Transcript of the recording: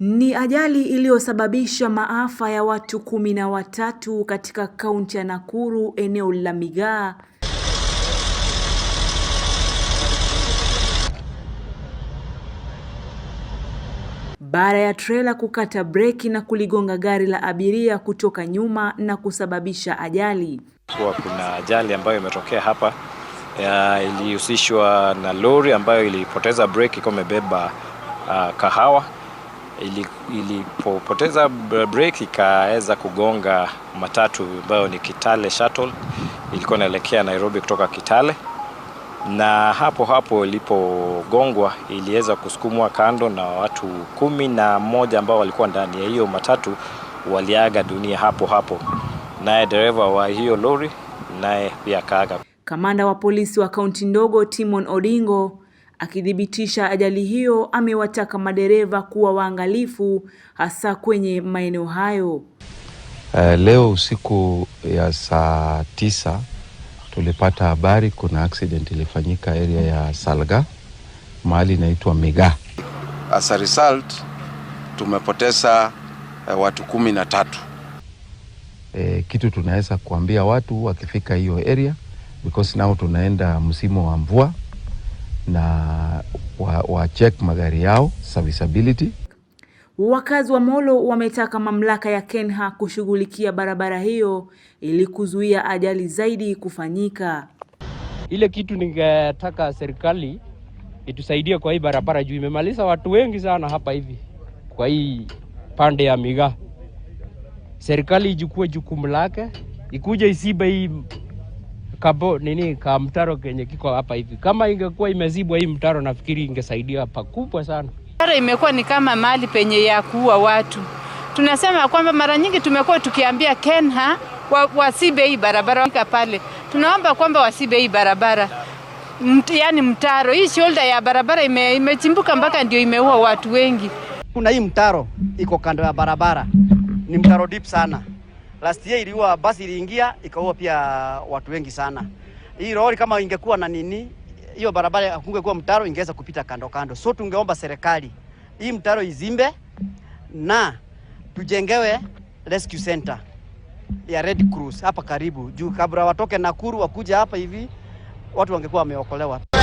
Ni ajali iliyosababisha maafa ya watu kumi na watatu katika kaunti ya Nakuru eneo la Migaa. Baada ya trela kukata breki na kuligonga gari la abiria kutoka nyuma na kusababisha ajali. Kwa kuna ajali ambayo imetokea hapa ilihusishwa na lori ambayo ilipoteza breki kwa imebeba uh, kahawa ilipopoteza break ikaweza kugonga matatu ambayo ni Kitale Shuttle, ilikuwa inaelekea Nairobi kutoka Kitale, na hapo hapo ilipogongwa iliweza kusukumwa kando, na watu kumi na moja ambao walikuwa ndani ya hiyo matatu waliaga dunia hapo hapo, naye dereva wa hiyo lori naye pia akaaga. Kamanda wa polisi wa kaunti ndogo Timon Odingo Akithibitisha ajali hiyo, amewataka madereva kuwa waangalifu hasa kwenye maeneo hayo. Uh, leo usiku ya saa tisa tulipata habari kuna accident ilifanyika area ya Salga mahali inaitwa Miga. As a result tumepoteza uh, watu kumi na tatu. Uh, kitu tunaweza kuambia watu wakifika hiyo area because nao tunaenda msimu wa mvua na wa, wa check magari yao serviceability. Wakazi wa Molo wametaka mamlaka ya KENHA kushughulikia barabara hiyo ili kuzuia ajali zaidi kufanyika. Ile kitu ningetaka serikali itusaidie kwa hii barabara juu imemaliza watu wengi sana hapa hivi kwa hii pande ya Migaa. Serikali ijukue jukumu lake, ikuje isibe hii kabo nini ka mtaro kenye kiko hapa hivi. Kama ingekuwa imezibwa hii mtaro, nafikiri ingesaidia pakubwa sana. Mtaro imekuwa ni kama mali penye ya kuua watu. Tunasema kwamba mara nyingi tumekuwa tukiambia Kenha wasibe hii barabara pale, tunaomba kwamba wasibe hii barabara Mt, yani mtaro hii shoulder ya barabara ime, imechimbuka mpaka ndio imeua watu wengi. Kuna hii mtaro iko kando ya barabara, ni mtaro deep sana last year iliua basi, iliingia ikaua pia watu wengi sana. Hii lori kama ingekuwa na nini, hiyo barabara kungekuwa mtaro, ingeweza kupita kando kando. So tungeomba serikali hii mtaro izimbe na tujengewe rescue center ya Red Cross hapa karibu juu, kabla watoke Nakuru wakuja hapa hivi, watu wangekuwa wameokolewa.